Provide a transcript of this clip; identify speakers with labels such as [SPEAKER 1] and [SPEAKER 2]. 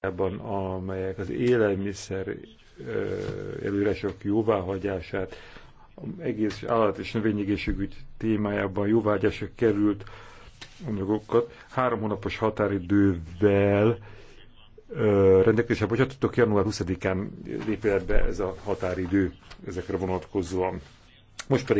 [SPEAKER 1] Európában, amelyek az élelmiszer előírások jóváhagyását, egész állat és növényegészségügy témájában jóváhagyásra került anyagokat három hónapos határidővel rendelkezésre bocsátottak január 20-án lép ez a határidő ezekre
[SPEAKER 2] vonatkozóan. Most pedig